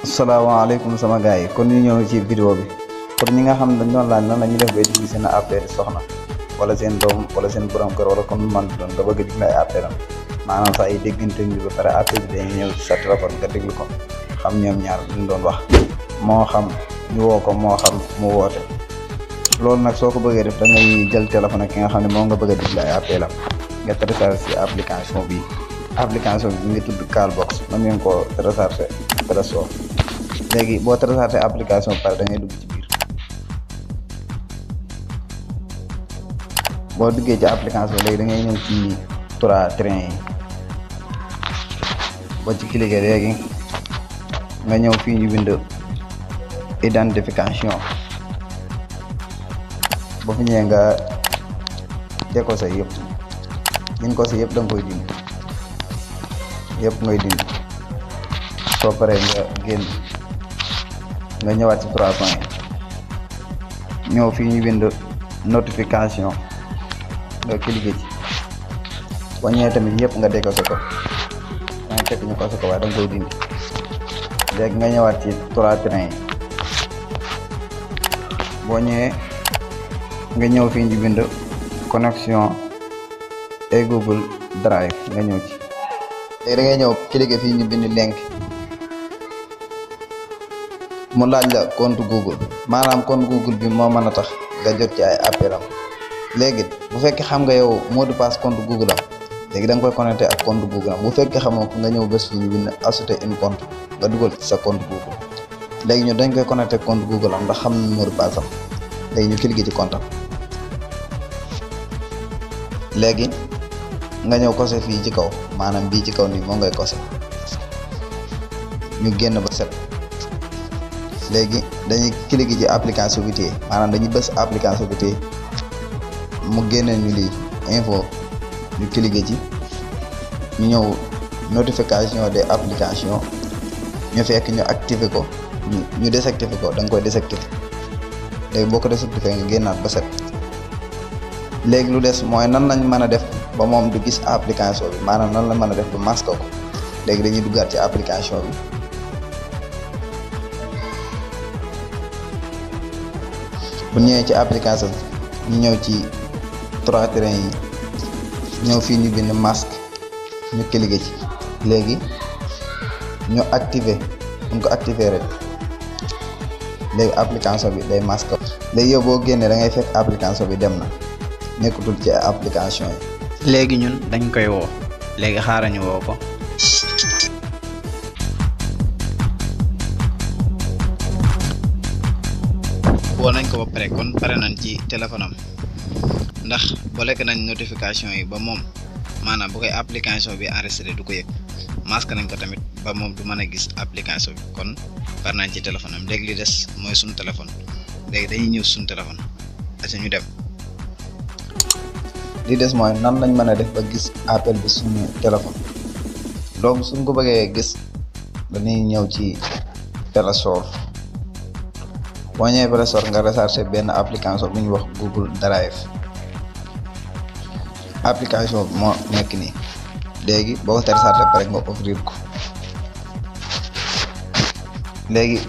salaamaaleykum sama gaa yi kon ñu ñëw ci vidéo bi pour ñi nga xam dañ doon laaj nan la ñuy def ba dindi seen affaire soxna wala seen doom wala seen borom kër wala comme man doon nga bëgg a dindi ay affaire am maanaam sax ay déggante ñu ba pare bi nga déglu ko xam ñoom ñaar ñu doon wax moo xam ñu woo ko moo xam mu woote loolu nag soo ko bëggee def da ngay jël téléphone ki nga xam ne moom nga bëgg a dindi ay affaire nga téléchargé si application bi application bi mi ngi tudd Callbox mën ngeen koo téléchargé dara soo जाएगी बहुत तरह से एप्लीकेशन पर रहे हैं बहुत gauge aplikasi lagi dengan हैं कि थोड़ा ट्रेन बच के लिए रहेगी ganhar o fim de window identification ba fi nga de ko sai dong yin ko sai yep dan koy din yep ngoy din so pare nga genn nga ñëwaat ci trois points yi ñëw fii ñu bind notification nga cliquer ci boo ñëwee tamit yëpp nga décoché ko nga fekk ñu ko waaye da nga koy dindi léegi nga ñëwaat ci trois trains boo ñëwee nga ñëw fii ñu bind connexion et Google Drive nga ñëw ci léegi da ngay ñëw cliquer ñu bind link mu laaj la compte google manam compte google bi mo meuna tax nga jot ci ay appel legui bu fekk xam nga yow mot de passe compte google am léegi dang koy connecter ak compte google am bu fekk xamoo nga ñew bes fi ñu bind ajouter une compte nga duggal ci sa compte google legui ñu dañ koy connecté compte google am ndax xam na mot de passe am léegi ñu cliquer ci compte legui nga ñëw kose fi ci kaw manam bi ci kaw ni mo ngay kose ñu génn ba set léegi dañuy cliquer ci application bi téye maanaam dañuy bés application bi téye mu génneel ñu lii info ñu cliquer ji ñu ñëw notification des application ñu fekk ñu activé ko ñu ñu désactivé ko da nga koy désactivé léegi boo ko désactivé nga génnaat ba set léegi lu des mooy nan lañ mën a def ba moom du gis application bi maanaam nan la mën a def ba masque ko léegi dañuy duggaat ci application bi. bu ñëwee ci application ñu ñëw ci trois trains yi ñëw fii ñu bind masque ñu cliqué ci léegi ñu activé ñu ko activer rek léegi application bi day masque léegi yow boo génnee da ngay fekk application bi dem na nekkatul ci application yi léegi ñun dañ koy woo léegi xaarañu woo ko woo nañ ko ba pare kon pare nañ ci téléphone ndax boo lekk nañ notification yi ba moom maanaam bu koy application bi enregistré du ko nañ ko tamit ba moom du mën a gis application bi kon pare nañ ci téléphone am léegi li des mooy suñu téléphone léegi dañuy ñëw suñu téléphone aca ñu dem des mooy nan lañ mën a def ba gis appel bi téléphone donc suñ ko bëggee gis dañuy ñëw ci Play wañay browser nga recharger ben application buñ wax Google Drive application mo nek ni legi boko recharger pare nga ouvrir ko légui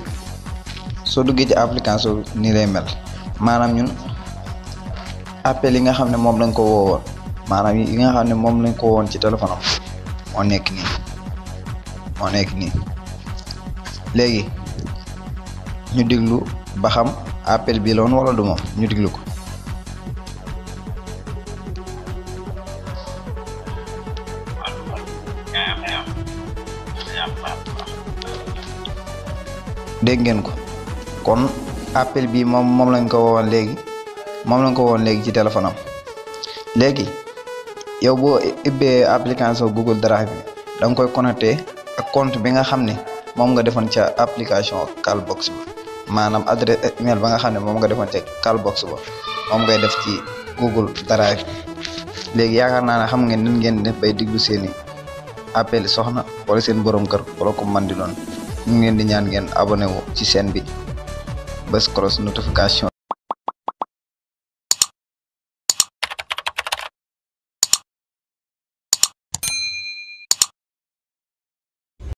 so duggé ci application ni lay mel manam ñun appel yi nga xamné mom lañ ko wowo manam yi nga xamné mom lañ ko won ci téléphone oh, mo nek ni oh, mo nek ni légui ñu diglu ba xam appel bi la won wala du mom ñu diglu ko ko kon appel bi mom mom lañ ko woon legi mom lañ ko woon legi ci téléphone am legi yow bo application Google Drive dang koy connecté ak compte bi nga xamné mom nga defon ci application Calbox manam adresse email eh, ba nga xamne mom nga defon ci calbox ba mom ngay def ci google drive legi yaakar na xam ngeen nan ngeen def bay diglu seeni appel soxna wala seen borom kër wala ko man di non ngeen di ñaan ngeen abonné wu ci chaîne bi bës cross notification